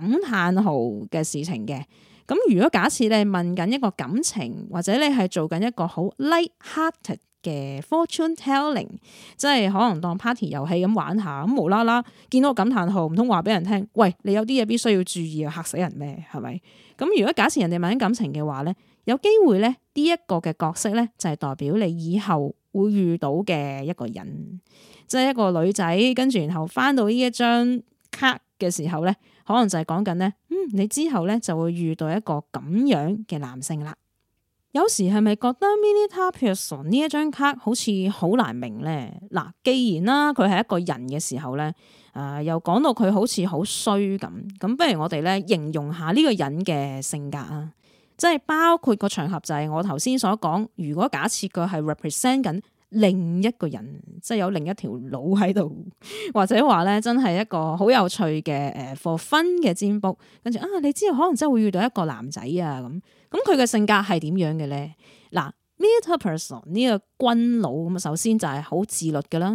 嘆號嘅事情嘅。咁如果假設你問緊一個感情或者你係做緊一個好 light hearted。嘅 fortune telling，即係可能當 party 遊戲咁玩下，咁無啦啦見到個感嘆號，唔通話俾人聽？喂，你有啲嘢必須要注意啊！嚇死人咩？係咪？咁如果假設人哋問緊感情嘅話咧，有機會咧呢一個嘅角色咧就係代表你以後會遇到嘅一個人，即係一個女仔，跟住然後翻到呢一張卡嘅時候咧，可能就係講緊咧，嗯，你之後咧就會遇到一個咁樣嘅男性啦。有時係咪覺得 mini top person 呢一張卡好似好難明呢？嗱，既然啦佢係一個人嘅時候呢，誒、呃、又講到佢好似好衰咁，咁不如我哋呢形容下呢個人嘅性格啊，即係包括個場合就係我頭先所講，如果假設佢係 represent 緊另一個人，即係有另一條腦喺度，或者話呢真係一個好有趣嘅誒 for fun 嘅占卜，跟住啊，你之後可能真係會遇到一個男仔啊咁。咁佢嘅性格係點樣嘅呢？嗱，Metal Person 呢個軍佬，咁首先就係好自律嘅啦，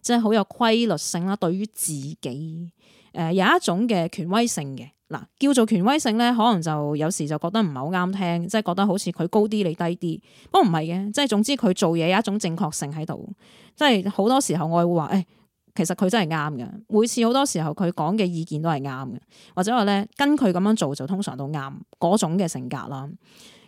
即係好有規律性啦。對於自己，誒、呃、有一種嘅權威性嘅。嗱，叫做權威性呢，可能就有時就覺得唔係好啱聽，即係覺得好似佢高啲你低啲，不過唔係嘅，即係總之佢做嘢有一種正確性喺度，即係好多時候我會話誒。哎其實佢真係啱嘅，每次好多時候佢講嘅意見都係啱嘅，或者話呢，跟佢咁樣做就通常都啱嗰種嘅性格啦。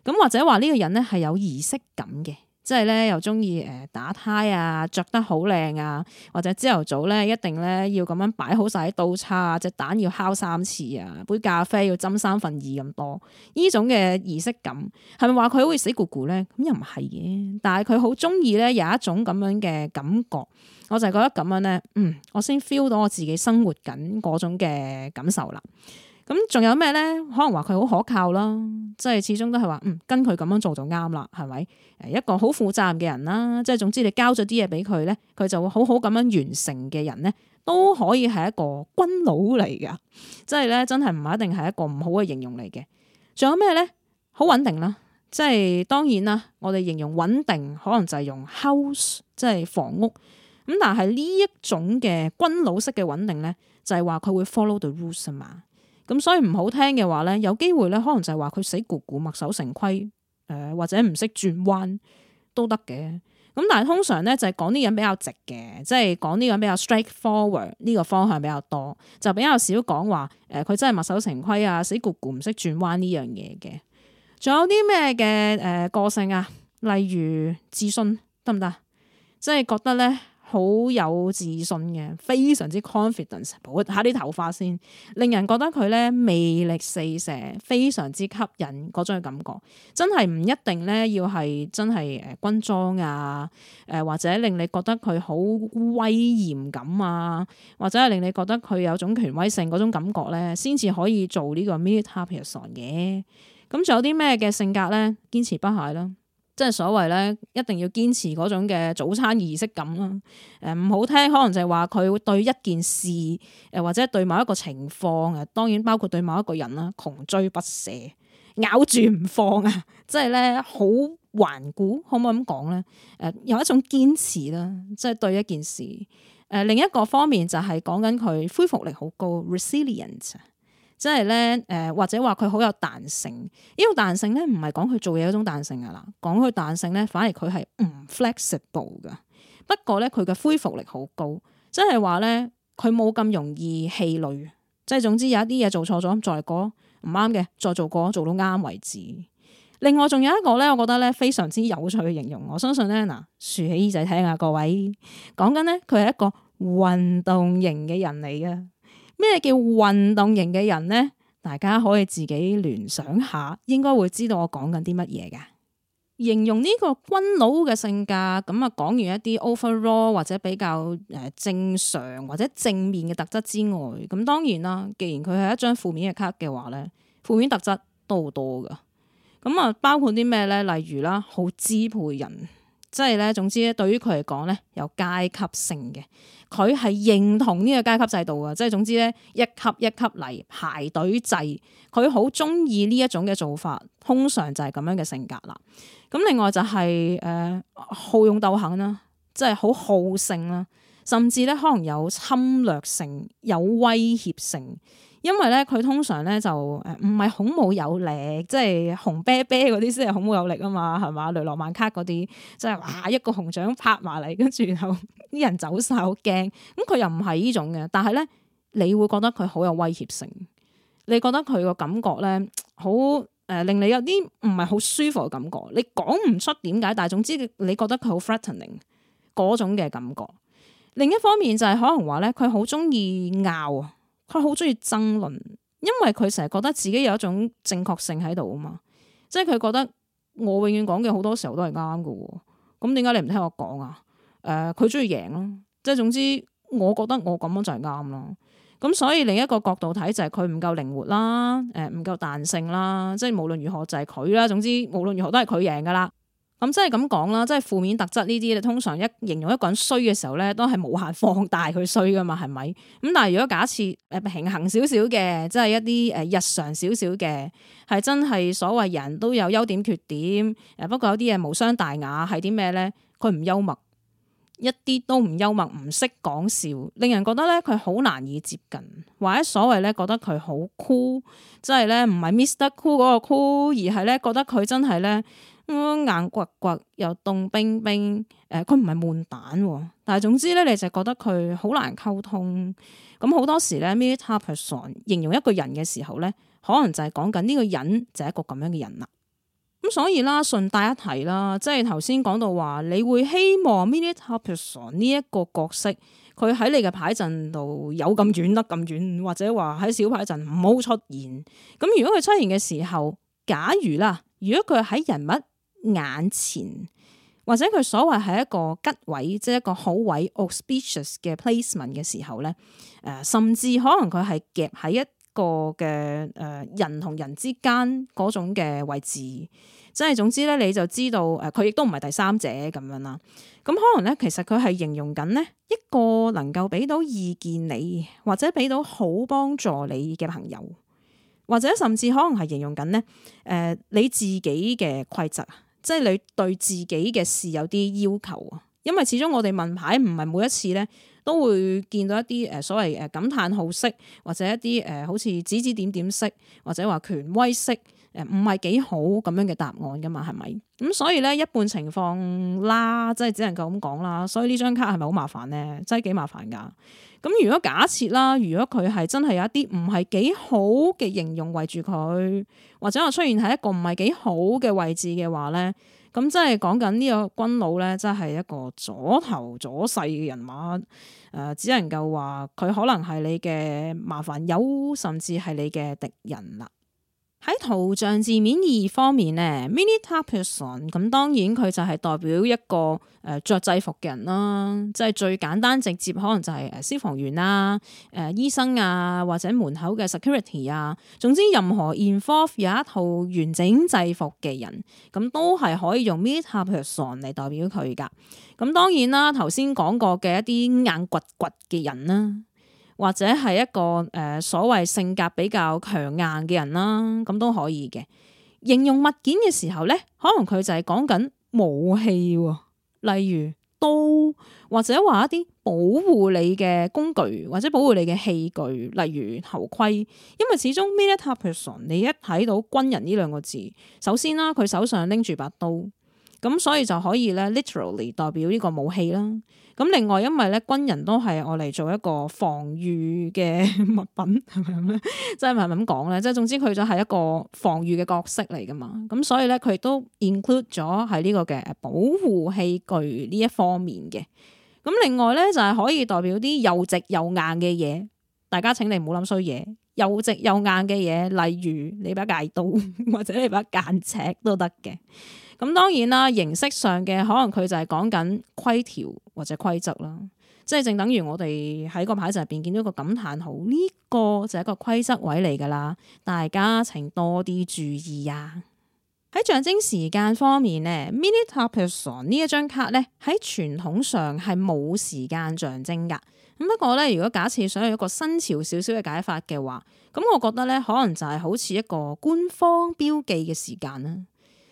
咁或者話呢個人呢，係有儀式感嘅。即係咧，又中意誒打呔啊，着得好靚啊，或者朝頭早咧，一定咧要咁樣擺好晒啲刀叉啊，隻蛋要敲三次啊，杯咖啡要斟三分二咁多，呢種嘅儀式感，係咪話佢會死咕咕咧？咁又唔係嘅，但係佢好中意咧有一種咁樣嘅感覺，我就係覺得咁樣咧，嗯，我先 feel 到我自己生活緊嗰種嘅感受啦。咁仲有咩咧？可能話佢好可靠啦，即係始終都係話，嗯，跟佢咁樣做就啱啦，係咪？誒，一個好負責任嘅人啦，即係總之你交咗啲嘢俾佢咧，佢就會好好咁樣完成嘅人咧，都可以係一個軍佬嚟噶，即係咧真係唔一定係一個唔好嘅形容嚟嘅。仲有咩咧？好穩定啦，即係當然啦，我哋形容穩定可能就係用 house，即係房屋。咁但係呢一種嘅軍佬式嘅穩定咧，就係話佢會 follow the rules 啊嘛。咁所以唔好聽嘅話呢，有機會呢，可能就係話佢死咕咕，墨守成規，誒、呃、或者唔識轉彎都得嘅。咁但係通常呢，就係講啲人比較直嘅，即係講啲人比較 straightforward 呢個方向比較多，就比較少講話誒佢真係墨守成規啊，死咕咕，唔識轉彎呢樣嘢嘅。仲有啲咩嘅誒個性啊？例如自信得唔得？即係覺得呢。好有自信嘅，非常之 confidence。下啲頭髮先，令人覺得佢咧魅力四射，非常之吸引嗰種感覺。真係唔一定咧，要係真係誒軍裝啊，誒或者令你覺得佢好威嚴感啊，或者係令你覺得佢有種權威性嗰種感覺咧，先至可以做呢個 military person 嘅。咁仲有啲咩嘅性格咧？堅持不懈啦。即係所謂咧，一定要堅持嗰種嘅早餐儀式感啦。誒唔好聽，可能就係話佢對一件事，誒或者對某一個情況啊，當然包括對某一個人啦，窮追不捨，咬住唔放啊！即係咧好頑固，可唔可以咁講咧？誒有一種堅持啦，即係對一件事。誒另一個方面就係講緊佢恢復力好高，resilience。Res 即係咧，誒，或者話佢好有彈性。呢種彈性咧，唔係講佢做嘢嗰種彈性噶啦，講佢彈性咧，反而佢係唔 flexible 噶。不過咧，佢嘅恢復力好高，即係話咧，佢冇咁容易氣餒。即係總之有一啲嘢做錯咗，再過唔啱嘅，再做過做到啱為止。另外仲有一個咧，我覺得咧非常之有趣嘅形容，我相信咧嗱，豎起耳仔聽下啊，各位，講緊咧佢係一個運動型嘅人嚟噶。咩叫運動型嘅人呢？大家可以自己聯想下，應該會知道我講緊啲乜嘢嘅形容呢個軍佬嘅性格。咁啊，講完一啲 overall 或者比較誒正常或者正面嘅特質之外，咁當然啦，既然佢係一張負面嘅卡嘅話呢，負面特質都好多噶。咁啊，包括啲咩呢？例如啦，好支配人。即係咧，總之咧，對於佢嚟講咧，有階級性嘅，佢係認同呢個階級制度嘅，即係總之咧，一級一級嚟排隊制，佢好中意呢一種嘅做法，通常就係咁樣嘅性格啦。咁另外就係、是、誒、呃、好勇鬥狠啦，即係好好勝啦，甚至咧可能有侵略性、有威脅性。因為咧，佢通常咧就誒唔係孔武有力，即係紅啤啤嗰啲先係孔武有力啊嘛，係嘛，雷諾曼卡嗰啲，即係哇一個紅掌拍埋嚟，跟住然後啲人走晒。好驚。咁佢又唔係依種嘅，但係咧，你會覺得佢好有威脅性，你覺得佢個感覺咧好誒，令你有啲唔係好舒服嘅感覺。你講唔出點解，但係總之你覺得佢好 threatening 嗰種嘅感覺。另一方面就係可能話咧，佢好中意拗。啊。佢好中意爭論，因為佢成日覺得自己有一種正確性喺度啊嘛，即係佢覺得我永遠講嘅好多時候都係啱噶喎，咁點解你唔聽我講啊？誒、呃，佢中意贏咯，即係總之我覺得我咁樣就係啱咯，咁、嗯、所以另一個角度睇就係佢唔夠靈活啦，誒唔夠彈性啦，即係無論如何就係佢啦，總之無論如何都係佢贏噶啦。咁即係咁講啦，即係負面特質呢啲，你通常一形容一個人衰嘅時候咧，都係無限放大佢衰噶嘛，係咪？咁但係如果假設誒平衡少少嘅，即係一啲誒日常少少嘅，係真係所謂人都有優點缺點誒。不過有啲嘢無傷大雅，係啲咩咧？佢唔幽默，一啲都唔幽默，唔識講笑，令人覺得咧佢好難以接近，或者所謂咧覺得佢好酷，即係咧唔係 Mr. Cool 嗰個 cool，而係咧覺得佢真係咧。硬掘掘又凍冰冰，誒佢唔係悶蛋，但係總之咧，你就覺得佢好難溝通。咁、嗯、好多時咧，middle person 形容一個人嘅時候咧，可能就係講緊呢個人就係一個咁樣嘅人啦。咁、嗯、所以啦，順帶一提啦，即係頭先講到話，你會希望 middle person 呢一個角色，佢喺你嘅牌陣度有咁遠得咁遠，或者話喺小牌陣唔好出現。咁如果佢出現嘅時候，假如啦，如果佢喺人物眼前或者佢所謂係一個吉位，即係一個好位，auspicious 嘅 placement 嘅時候咧，誒、呃，甚至可能佢係夾喺一個嘅誒、呃、人同人之間嗰種嘅位置，即係總之咧，你就知道誒，佢亦都唔係第三者咁樣啦。咁可能咧，其實佢係形容緊呢一個能夠俾到意見你或者俾到好幫助你嘅朋友，或者甚至可能係形容緊呢誒你自己嘅規則。即係你對自己嘅事有啲要求啊，因為始終我哋問牌唔係每一次咧都會見到一啲誒所謂誒感嘆號式，或者一啲誒好似指指點點式，或者話權威式。唔係幾好咁樣嘅答案噶嘛，係咪？咁、嗯、所以咧，一般情況啦，即係只能夠咁講啦。所以呢張卡係咪好麻煩呢？真係幾麻煩噶。咁、嗯、如果假設啦，如果佢係真係有一啲唔係幾好嘅形容圍住佢，或者話出現喺一個唔係幾好嘅位置嘅話呢，咁真係講緊呢個軍佬呢，真係一個左頭左勢嘅人物。誒、呃，只能夠話佢可能係你嘅麻煩友，甚至係你嘅敵人啦。喺圖像字面意義方面呢，mini top person 咁當然佢就係代表一個、呃、着制服嘅人啦，即係最簡單直接，可能就係消防員啦、誒、呃、醫生啊，或者門口嘅 security 啊，總之任何 in form 有一套完整制服嘅人，咁都係可以用 mini top person 嚟代表佢㗎。咁當然啦，頭先講過嘅一啲硬掘掘嘅人啦。或者係一個誒、呃、所謂性格比較強硬嘅人啦，咁都可以嘅。形容物件嘅時候咧，可能佢就係講緊武器，例如刀，或者話一啲保護你嘅工具，或者保護你嘅器具，例如頭盔。因為始終 media person， 你一睇到軍人呢兩個字，首先啦，佢手上拎住把刀，咁所以就可以咧 literally 代表呢個武器啦。咁另外，因為咧軍人都係我嚟做一個防禦嘅物品，係咪咁咧？即係咪咁講咧？即係總之佢就係一個防禦嘅角色嚟噶嘛。咁所以咧，佢亦都 include 咗喺呢個嘅保護器具呢一方面嘅。咁另外咧，就係可以代表啲又直又硬嘅嘢。大家請你唔好諗衰嘢，又直又硬嘅嘢，例如你把戒刀或者你把間尺都得嘅。咁當然啦，形式上嘅可能佢就係講緊規條或者規則啦，即係正等於我哋喺個牌陣入邊見到個感嘆號，呢個就係一個規則位嚟噶啦，大家請多啲注意啊！喺象徵時間方面呢 m i n i t e Person 呢一張卡咧，喺傳統上係冇時間象徵噶，咁不過咧，如果假設想有一個新潮少少嘅解法嘅話，咁我覺得咧，可能就係好似一個官方標記嘅時間啦。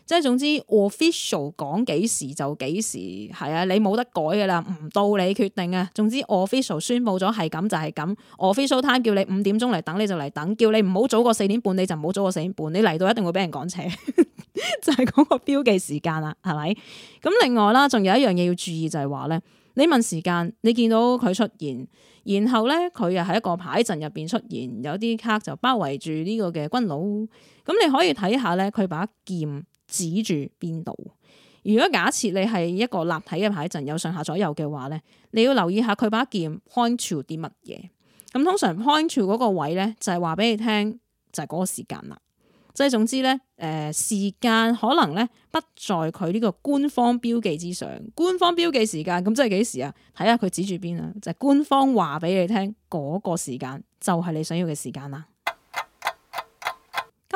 即係總之 official 講幾時就幾時，係啊，你冇得改噶啦，唔到你決定啊。總之 official 宣布咗係咁就係咁，official time 叫你五點鐘嚟等你就嚟等，叫你唔好早過四點半你就唔好早過四點半，你嚟到一定會俾人趕扯， 就係嗰個標記時間啦，係咪？咁另外啦，仲有一樣嘢要注意就係話咧，你問時間，你見到佢出現，然後咧佢又喺一個牌陣入邊出現，有啲卡就包圍住呢個嘅軍佬，咁你可以睇下咧，佢把劍。指住邊度？如果假設你係一個立體嘅牌陣，有上下左右嘅話咧，你要留意下佢把劍 point to 啲乜嘢。咁通常 point to 嗰個位咧，就係話俾你聽，就係嗰個時間啦。即係總之咧，誒、呃，時間可能咧不在佢呢個官方標記之上。官方標記時間咁即係幾時啊？睇下佢指住邊啊，就係，官方話俾你聽嗰個時間就係你想要嘅時間啦。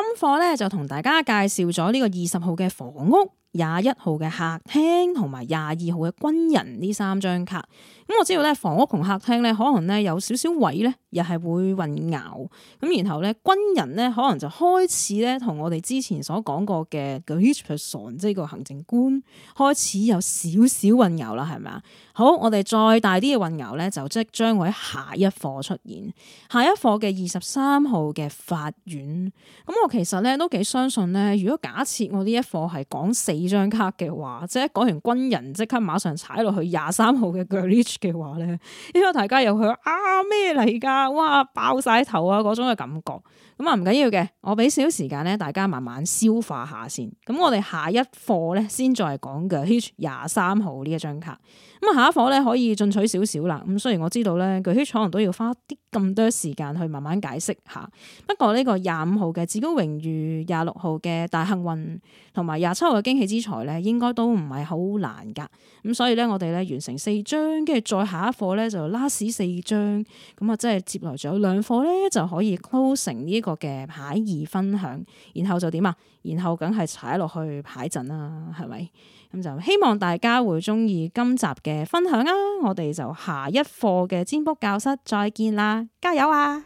今課咧就同大家介紹咗呢個二十號嘅房屋，廿一號嘅客廳同埋廿二號嘅軍人呢三張卡，咁我知道咧，房屋同客廳咧，可能咧有少少位咧，又係會混淆，咁然後咧，軍人咧，可能就開始咧，同我哋之前所講過嘅個 rich person，即係個行政官，開始有少少混淆啦，係咪啊？好，我哋再大啲嘅混淆咧，就即將會喺下一課出現，下一課嘅二十三號嘅法院，咁我其實咧都幾相信咧，如果假設我呢一課係講四。張卡嘅話，即係一講完軍人，即刻馬上踩落去廿三號嘅 g h 嘅話咧，因為大家又去啊咩嚟噶，哇爆晒頭啊嗰種嘅感覺。咁啊唔緊要嘅，我俾少時間咧，大家慢慢消化下先。咁我哋下一課咧先再講嘅 h 廿三號呢一張卡。咁啊下一課咧可以進取少少啦。咁雖然我知道咧，巨蜥可能都要花啲咁多時間去慢慢解釋下。不過呢個廿五號嘅至高榮譽，廿六號嘅大幸運，同埋廿七號嘅驚喜。之財咧，應該都唔係好難噶，咁，所以咧我哋咧完成四張，跟住再下一課咧就拉屎四張咁啊，即係接來咗兩課咧就可以 close 成呢一個嘅牌義分享，然後就點啊？然後梗係踩落去牌陣啦，係咪？咁就希望大家會中意今集嘅分享啦，啊！我哋就下一課嘅占卜教室再見啦，加油啊！